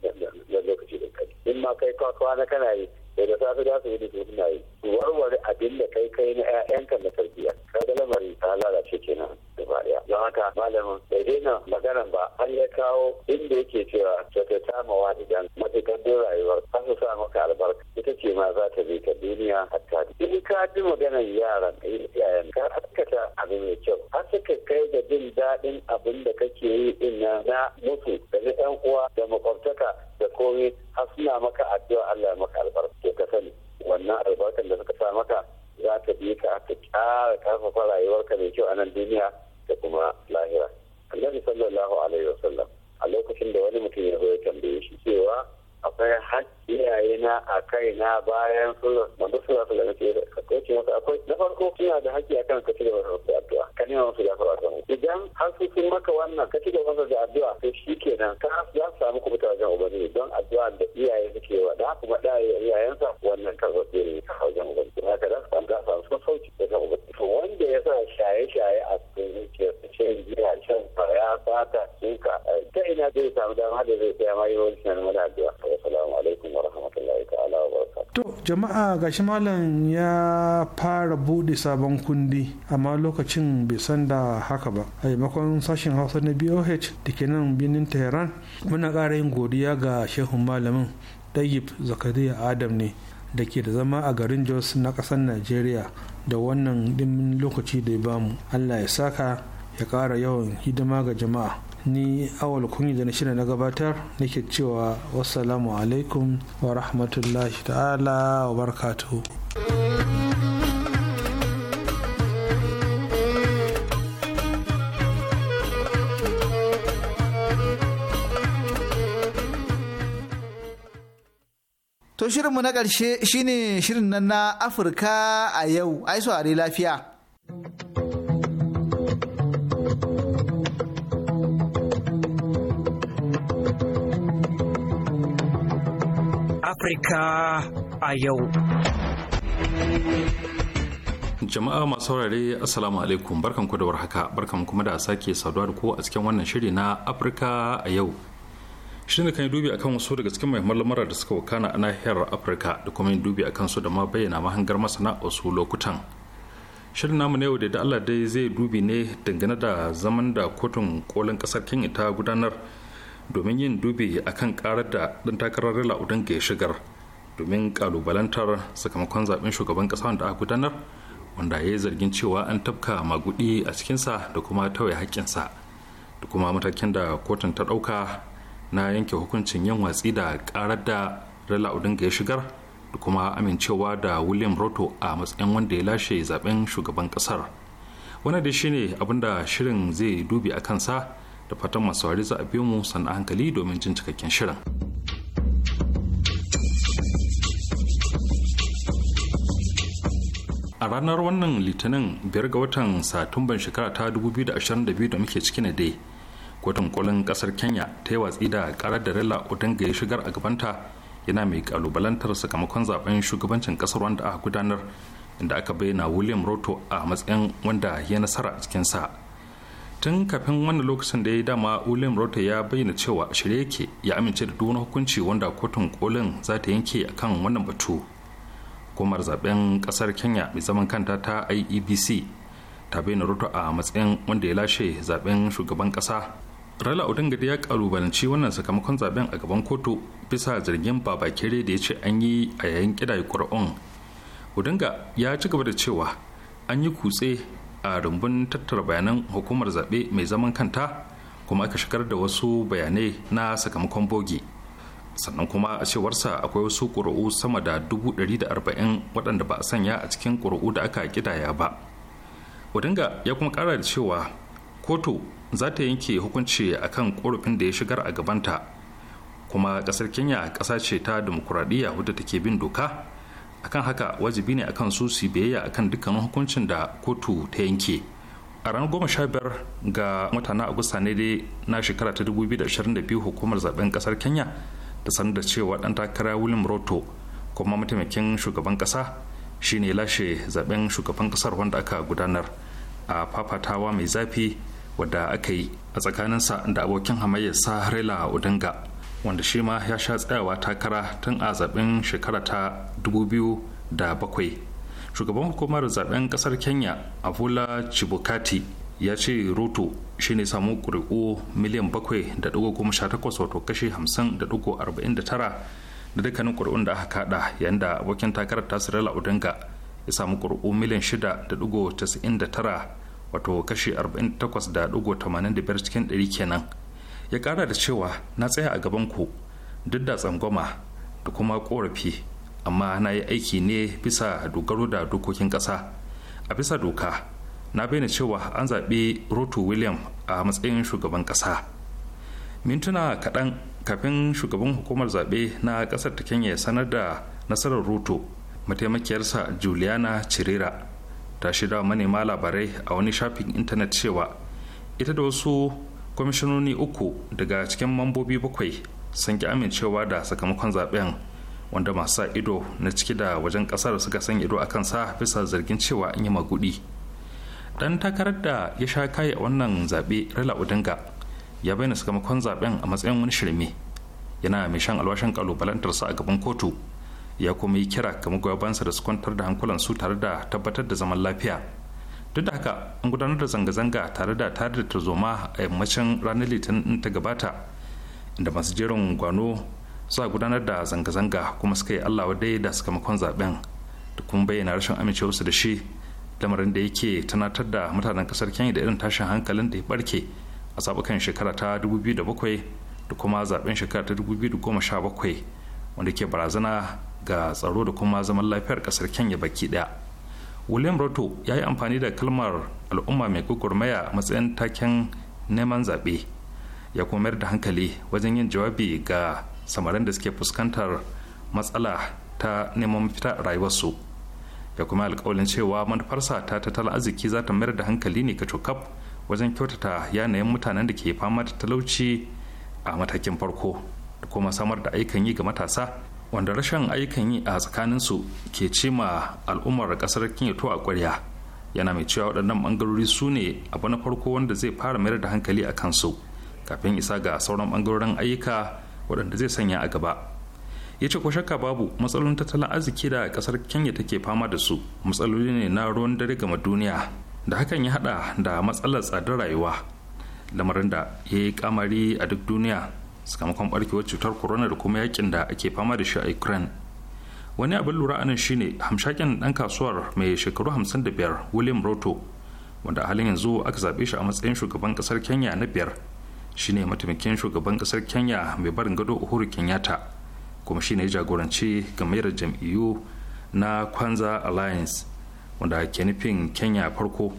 na lokaci da kai in ma kai kwakwa na kana yi da safe za su yi da su suna yi warware abin da kai kai na 'ya'yanka na tarbiyya kaga lamarin ta lalace kenan gaba daya don haka malamin bai daina maganan ba har ya kawo inda yake cewa kyautata ma walidan matukar rayuwar ta su sa maka albarka ita ce ma za ta bi ta duniya hatta in ka ji maganar yaran eh, yayan ka haskata abu mai kyau har suka kai da jin daɗin abin da kake yi ina. na mutu da na 'yan uwa da makwabtaka da komai har suna maka addu'a Allah maka albarka ke ka sani wannan albarkar da suka sa maka za ta bi ka aka ƙara ƙarfafa rayuwarka mai kyau a nan duniya da kuma lahira annabi sallallahu alaihi wasallam a lokacin da wani mutum ya zo ya tambaye shi cewa akwai hakkiyaye na a kai na bayan sulhu wanda sulhu su da ke da kace masa akwai na farko suna da hakki akan ka ci gaba da addu'a ka nema musu fara ta idan har su sun maka wannan ka ci gaba da addu'a to shikenan ka za su samu kubuta wajen ubangiji don addu'a da iyaye suke wa da kuma da iyayensa wannan ke ne a wajen ubangiji haka da su ga samu sun sauki da daga ubangiji to wanda ya sa shaye-shaye a cikin zuciyarsa shan giya shan fara fata shinka ta ina zai samu dama da zai tsaya ma yi wani sanar mana addu'a to jama'a gashi malam ya fara bude sabon kundi amma lokacin bai san da haka ba a maimakon sashen hausa na boh da ke nan birnin tehran muna ƙara yin godiya ga shehun malamin dayib zakariya adam ne da ke da zama a garin jos na ƙasar najeriya da wannan dimin lokaci da ya bamu allah ya saka ya ƙara yawan hidima ga jama'a ni awal kunyi da na na gabatar nake cewa wassalamu alaikum wa rahmatullahi ta'ala wa barakatuhu To shirinmu na ƙarshe shine shirin nan na Afirka a yau, ai ari lafiya. Afirka a yau. Jama'a masu saurare Assalamu alaikum barkanku da warhaka barkan kuma da sake saduwa da ku a cikin wannan shiri na Afirka a yau. Shirin da kan yi dubi akan wasu daga cikin muhimman lamura da suka wakana a nahiyar Afirka da kuma yin dubi akan su da ma bayyana mahangar masana wasu lokutan. shirin namu na yau da Allah dai zai dubi ne dangane da zaman da kotun kolin kasar kenya ta gudanar domin yin dubi a kan karar da ɗan takarar laudan ga shigar domin kalubalantar sakamakon zaben shugaban ƙasa wanda aka gudanar wanda ya yi zargin cewa an tafka magudi a cikinsa da kuma tauye haƙƙinsa da kuma matakin da kotun ta ɗauka na yanke hukuncin yin watsi da karar da rila ga ya shigar da kuma amincewa da william roto a matsayin wanda ya lashe zaben shugaban ƙasar wani da shine abinda shirin zai dubi a kansa da fatan masu wari za a biyo mu sannan hankali domin jin cikakken shirin. a ranar wannan litinin biyar ga watan satumban shekara ta 2022 da muke ciki na dai kotun kwallon kasar kenya ta yi watsi da karar da rela odinga ya shigar a gabanta yana mai kalubalantar sakamakon zaben shugabancin kasar wanda aka gudanar inda aka bayyana william roto a matsayin wanda ya nasara cikin sa tun kafin wannan lokacin da ya yi dama william Roto ya bayyana cewa shirye yake ya amince da duk wani hukunci wanda kotun kolin za ta yanke a kan wannan batu hukumar zaben kasar kenya mai zaman kanta ta iebc ta bayyana Roto a matsayin wanda ya lashe zaben shugaban kasa rala da ya kalubalanci wannan sakamakon zaben a gaban kotu bisa zargin babakere da ya ce an yi a yayin kidaye ƙuri'un odinga ya ci gaba da cewa an yi kutse a rumbun tattara bayanan hukumar zaɓe mai zaman kanta kuma aka shigar da wasu bayanai na sakamakon bogi sannan kuma a cewarsa akwai wasu ƙuri'u sama da arba'in waɗanda ba a sanya a cikin ƙuri'u da aka ƙidaya ba odinga ya kuma ƙara da cewa kotu za ta yanke hukunci akan ƙorafin da ya shigar a gabanta kuma ƙasar kenya ƙasa ce ta dimokuraɗiyya wadda take bin doka akan haka wajibi ne akan su su biyayya akan dukkanin hukuncin da kotu ta yanke a ranar goma sha biyar ga mutanen agusta ne dai na shekara ta dubu da da ashirin biyu hukumar zaben kasar kenya da sanar da cewa dan takara william roto kuma mataimakin shugaban kasa shine lashe zaben shugaban kasar wanda aka gudanar a fafatawa mai zafi wadda aka yi a tsakaninsa da abokin sa raila odinga wanda shi ma ya sha tsayawa takara tun a zaben shekara ta 2007 shugaban hukumar zaben kasar kenya abula chibukati ya ce roto shi ne samu ƙuri'u miliyan 7.18 wato kashi 50.49 da dukkanin ƙuri'un da aka kada yayin da abokin takarar ta tasirala odinga ya samu ƙuri'u miliyan 6.99 wato kashi 48.85 cikin 100 kenan ya kara da cewa na tsaya a gaban ku duk da tsangwama da kuma korafi amma na yi aiki ne bisa dogaro da dokokin ƙasa a bisa doka na bayyana cewa an zaɓi roto william a matsayin shugaban ƙasa mintuna kaɗan kafin shugaban hukumar zaɓe na ƙasar ta kenya ya sanar da nasarar roto mataimakiyarsa juliana cirera ta shida manema labarai a wani shafin intanet cewa ita da wasu kwamishinoni uku daga cikin mambobi bakwai sun ki amincewa da sakamakon zaben wanda masu sa ido na ciki da wajen kasar suka san ido a kansa bisa zargin cewa an yi magudi dan takarar da ya sha kai a wannan zaɓe rala udinga ya bayyana sakamakon zaben a matsayin wani shirme yana mai shan alwashin sa a gaban kotu ya kuma yi kira ga bansa da su kwantar da hankulan su tare da tabbatar da zaman lafiya duk da haka an gudanar da zanga-zanga tare da tare da tarzoma a yammacin ranar litinin ta gabata inda masu jerin gwano suka gudanar da zanga-zanga kuma suka yi allawa dai da sakamakon zaben da kuma bayyana rashin amincewarsu da shi lamarin da yake tunatar da mutanen kasar kenya da irin tashin hankalin da ya barke a sabukan shekara ta 2007 da kuma zaben shekara ta 2017 wanda ke barazana ga tsaro da kuma zaman lafiyar kasar kenya baki daya william ruto ya yi amfani da kalmar al'umma mai gugurmaya matsayin taken neman zaɓe ya kuma mayar da hankali wajen yin jawabi ga samarin da suke fuskantar matsala ta neman fita rayuwarsu ya kuma alkawalin cewa manufarsa ta tattalin arziki za ta mayar da hankali ne ka kacokaf wajen kyautata yanayin mutanen da ke fama da talauci a matakin farko da kuma samar da ayyukan yi ga matasa wanda rashin aikin yi a tsakanin su ke ma al'ummar kasar kinyato a kwarya yana mai cewa waɗannan ɓangarori su ne abu na farko wanda zai fara mayar da hankali a kansu kafin isa ga sauran ɓangarorin ayyuka waɗanda zai sanya a gaba ya ce ko shakka babu matsalolin tattalin arziki da kasar kenya take fama da su matsaloli ne na ruwan dare gama duniya da hakan ya hada da matsalar tsadar rayuwa lamarin da ya yi kamari a duk duniya sakamakon barkewar cutar corona da kuma yakin da ake fama da shi a ukraine wani abin lura anan shine hamshakin dan kasuwar mai shekaru 55 william roto wanda a halin yanzu aka zaɓe shi a matsayin shugaban ƙasar kenya na biyar shine mataimakin shugaban ƙasar kenya mai barin gado uhuru kenyatta kuma shine ya jagoranci gamayyar jam'iyyu na kwanza alliance wanda ke nufin kenya farko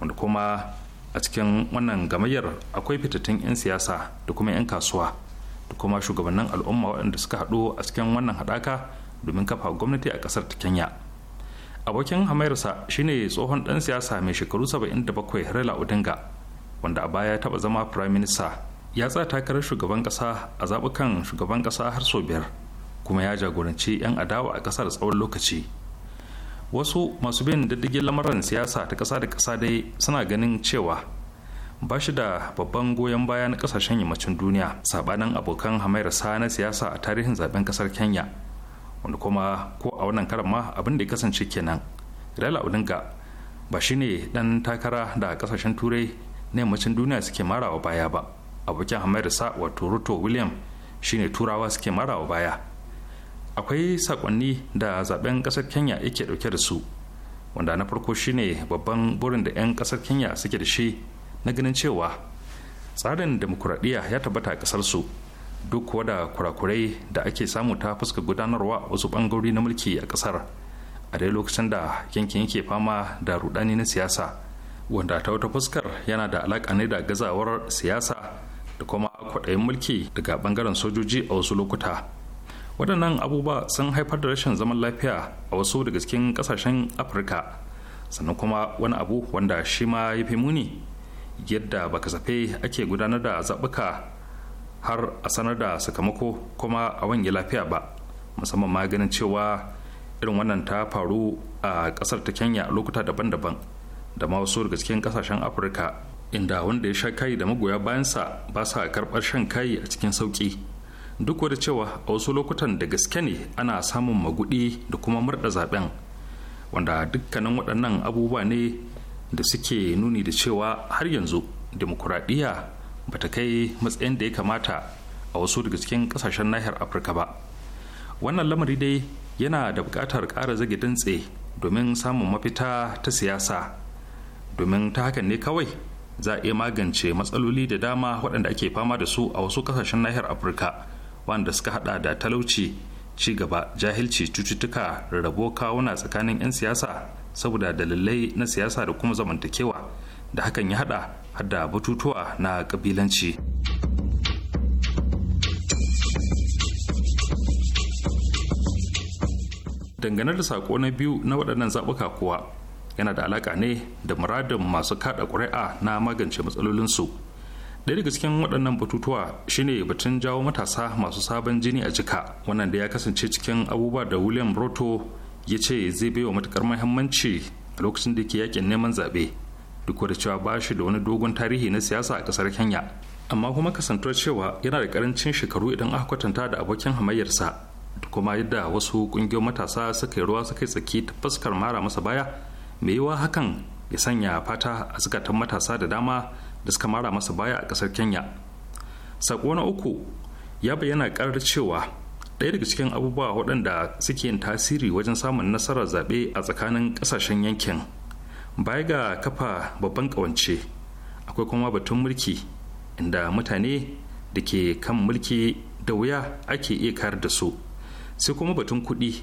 wanda kuma a cikin wannan gamayyar akwai fitattun 'yan siyasa da kuma 'yan kasuwa da kuma shugabannin al'umma waɗanda suka haɗu a cikin wannan haɗaka domin kafa gwamnati a ƙasar ta kenya abokin hamayarsa shine tsohon ɗan siyasa mai shekaru 77 rela odinga wanda a baya taɓa zama prime minister ya tsaya takarar shugaban ƙasa a zaɓukan shugaban ƙasa har sau biyar kuma ya jagoranci 'yan adawa a ƙasar tsawon lokaci wasu masu bin diddigin lamarin siyasa ta kasa da kasa dai suna ganin cewa ba shi da babban goyon baya na kasashen yammacin duniya sabanin abokan hamayar sa na siyasa a tarihin zaben kasar kenya wanda kuma ko a wannan karan ma abin da ya kasance kenan raila odinga ba shi ne ɗan takara da kasashen turai na yammacin duniya suke marawa baya ba abokin sa wato ruto william shine turawa suke marawa baya akwai sakonni da zaben kasar kenya yake dauke da su wanda na farko shine babban burin da 'yan kasar kenya suke da shi na ganin cewa tsarin demokuraɗiyya ya tabbata a kasar su duk kuwa da kurakurai da ake samu ta fuska gudanarwa wasu bangarori na mulki a kasar a dai lokacin da yankin yake fama da rudani na siyasa wanda ta wata fuskar yana da alaƙa ne da gazawar siyasa da kuma kwaɗayin mulki daga bangaren sojoji a wasu lokuta waɗannan abubuwa sun haifar da rashin zaman lafiya a wasu daga cikin ƙasashen afirka sannan kuma wani abu wanda shi ma ya fi muni yadda ba kasafe ake gudanar da zaɓuka har a sanar da sakamako kuma a wanye lafiya ba musamman ma ganin cewa irin wannan ta faru a ƙasar ta kenya a lokuta daban-daban da ma wasu daga cikin ƙasashen afirka inda wanda ya sha kai da magoya bayansa ba sa karɓar shan kai a cikin sauƙi duk da cewa a wasu lokutan da gaske ne ana samun magudi da kuma murda zaben wanda dukkanin waɗannan abubuwa ne da suke nuni da cewa har yanzu demokuraɗiyya ba ta kai matsayin da ya kamata a wasu daga cikin ƙasashen nahiyar afirka ba wannan lamari dai yana da buƙatar ƙara zage dantse domin samun mafita ta siyasa domin ta haka ne kawai za a iya magance matsaloli da dama waɗanda ake fama da su a wasu ƙasashen nahiyar afirka wanda suka hada da talauci ci gaba jahilci cututtuka rarrabo kawuna tsakanin 'yan siyasa saboda dalilai na siyasa da kuma zamantakewa da hakan ya hada da batutuwa na kabilanci. dangane da sako na biyu na waɗannan zaɓuka kuwa yana da alaƙa ne da muradin masu kaɗa ƙuri'a na magance matsalolinsu daya daga cikin waɗannan batutuwa shine batun jawo matasa masu sabon jini a jika wannan da ya kasance cikin abubuwa da william roto ya ce zai baiwa matukar muhimmanci a lokacin da ke yakin neman zaɓe duk da cewa ba shi da wani dogon tarihi na siyasa a ƙasar kenya amma kuma kasantar cewa yana da karancin shekaru idan aka kwatanta da abokin hamayyarsa kuma yadda wasu ƙungiyoyin matasa suka yi ruwa suka yi tsaki ta fuskar mara masa baya mai yiwuwa hakan ya sanya fata a zukatan matasa da dama da suka mara masa baya a kasar kenya sako na uku ya bayyana karar cewa ɗaya daga cikin abubuwa waɗanda suke yin tasiri wajen samun nasarar zaɓe a tsakanin ƙasashen yankin baya ga kafa babban ƙawance akwai kuma batun mulki inda mutane da ke kan mulki da wuya ake iya kayar da su sai kuma batun kuɗi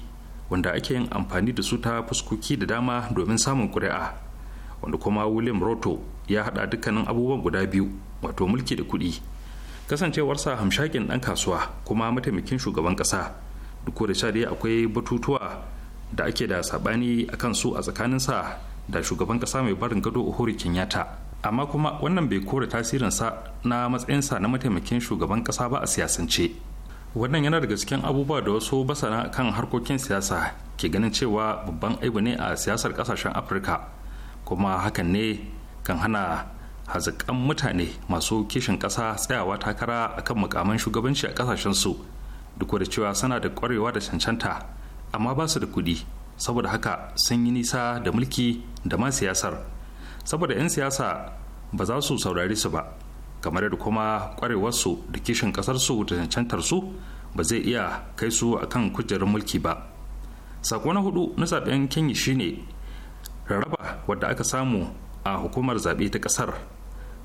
wanda ake yin amfani da su ta fuskoki da dama domin samun ƙuri'a wanda kuma william roto ya hada dukkanin abubuwan guda biyu wato mulki da kuɗi kasancewarsa hamshakin ɗan kasuwa kuma mataimakin shugaban ƙasa duk da sha dai akwai batutuwa da ake da sabani a kan su a tsakaninsa da shugaban ƙasa mai barin gado uhuru kenyatta amma kuma wannan bai kore tasirinsa na matsayinsa na mataimakin shugaban ƙasa ba a siyasance wannan yana daga cikin abubuwa da wasu basana kan harkokin siyasa ke ganin cewa babban aibu ne a siyasar kasashen afirka kuma hakan ne kan hana hazikan mutane masu kishin ƙasa tsayawa takara a kan mukaman shugabanci a ƙasashensu duk da cewa suna da ƙwarewa da cancanta amma ba su da kuɗi saboda haka sun yi nisa da mulki da ma siyasar saboda 'yan siyasa ba za su saurari su ba kamar da kuma ƙwarewarsu da kishin ƙasarsu da cancantarsu ba zai iya kai su akan kujerar mulki ba sakon na hudu na zaben kenya shine rarraba wadda aka samu a hukumar zaɓe ta ƙasar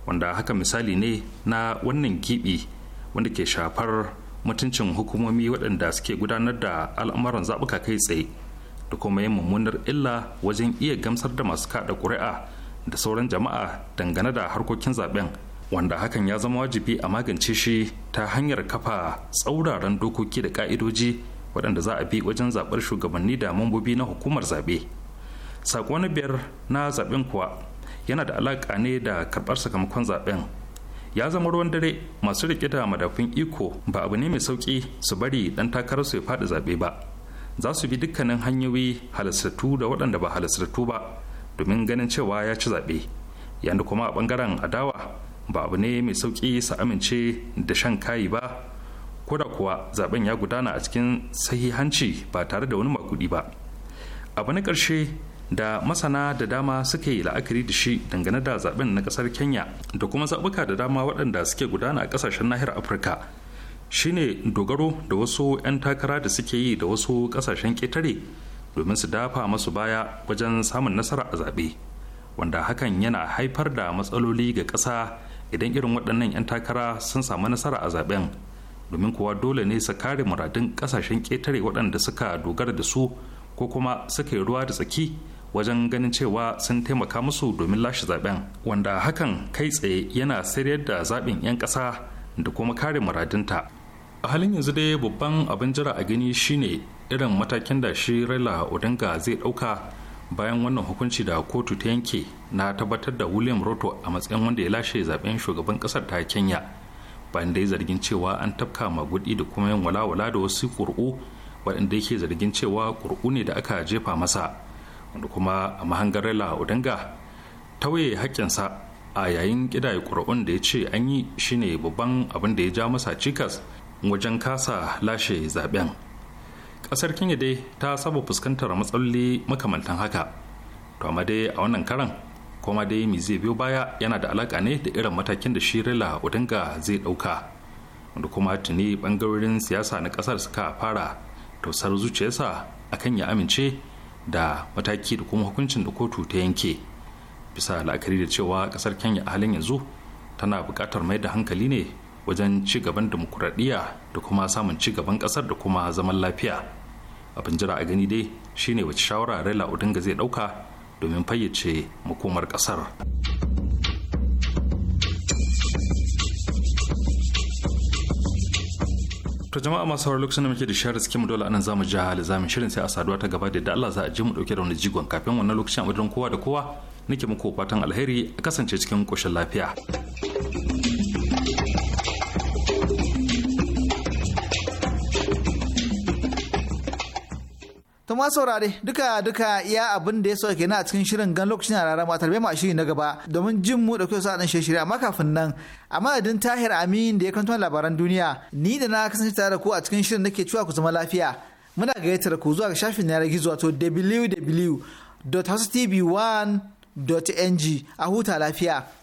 wanda haka misali ne na wannan giɓi wanda ke shafar mutuncin hukumomi waɗanda suke gudanar da al'amuran zaɓuka kai tsaye da kuma yin mummunar illa wajen iya gamsar da masu kaɗa ƙuri'a da sauran jama'a dangane da harkokin zaɓen wanda hakan ya zama wajibi a magance shi ta hanyar kafa tsauraran dokoki da ƙa'idoji waɗanda za a bi wajen zaɓar shugabanni da mambobi na hukumar zaɓe. sako na biyar na zaben kuwa yana da alaƙa ne da karɓar sakamakon zaben ya zama ruwan dare masu riƙe da madafin iko ba abu ne mai sauƙi su bari ɗan takarar su ya faɗi zaɓe ba za su bi dukkanin hanyoyi halastattu da waɗanda ba halastattu ba domin ganin cewa ya ci zaɓe yanda kuma a ɓangaren adawa ba abu ne mai sauƙi su amince da shan kayi ba ko da kuwa zaɓen ya gudana a cikin sahihanci ba tare da wani makudi ba abu na ƙarshe da masana da dama suka yi la'akari da shi dangane da zaben na kasar kenya da kuma zabuka da dama waɗanda suke gudana a ƙasashen nahiyar afirka shine dogaro da wasu 'yan takara da suke yi da wasu ƙasashen ƙetare domin su dafa masu baya wajen samun nasara a zaɓe wanda hakan yana haifar da matsaloli ga ƙasa idan irin waɗannan 'yan takara sun samu nasara a zaben domin kuwa dole ne su kare muradun ƙasashen ƙetare waɗanda suka dogara da su ko kuma suka yi ruwa da tsaki wajen ganin cewa sun taimaka musu domin lashe zaben wanda hakan kai tsaye yana sayar da zaɓin 'yan ƙasa da kuma kare muradinta a halin yanzu dai babban abin jira a gani shine irin matakin da shi raila odinga zai ɗauka bayan wannan hukunci da kotu ta yanke na tabbatar da william roto a matsayin wanda ya lashe zaben shugaban ƙasar ta kenya bayan da zargin cewa an tafka magudi da kuma yin walawala da wasu ƙuri'u waɗanda yake zargin cewa ƙuri'u ne da aka jefa masa wanda kuma a mahangar Raila Odinga waye haƙƙinsa a yayin ƙidaye ƙura'un da ya ce an yi shine babban abin da ya ja masa cikas wajen kasa lashe zaben. Ƙasar Kenya dai ta saba fuskantar matsaloli makamantan haka. To amma dai a wannan karan kuma dai mi zai biyo baya yana da alaƙa ne da irin matakin da shi Raila Odinga zai ɗauka. Wanda kuma tuni ɓangarorin siyasa na ƙasar suka fara tausar zuciyarsa akan ya amince da mataki da kuma hukuncin da kotu ta yanke bisa la'akari da cewa kasar kenya a halin yanzu tana buƙatar mai da hankali ne wajen ci gaban demokuraɗiyya da kuma samun ci gaban ƙasar da kuma zaman lafiya abin jira a gani dai shine wace shawara raila odinga zai ɗauka domin fayyace makomar ƙasar. to jama'a masu sauraron lokacin da muke da shirin mu dole anan zamu ji hali zamu shirin sai a saduwa ta gaba da yadda Allah za a ji mu dauke da wani jigon kafin wannan lokacin a kowa da kowa nake muku fatan alheri a kasance cikin koshin lafiya. To ma saurare duka duka iya abin da ya sauke na a cikin shirin gan lokacin a rarama tarbe ma shiri na gaba domin jin mu da kyau sa dan shirye amma kafin nan a madadin Tahir Amin da ya kanto labaran duniya ni da na kasance tare da ku a cikin shirin nake cewa ku zama lafiya muna gayyatar ku zuwa ga shafin na yanar gizo wato wwwhostv 1ng a huta lafiya.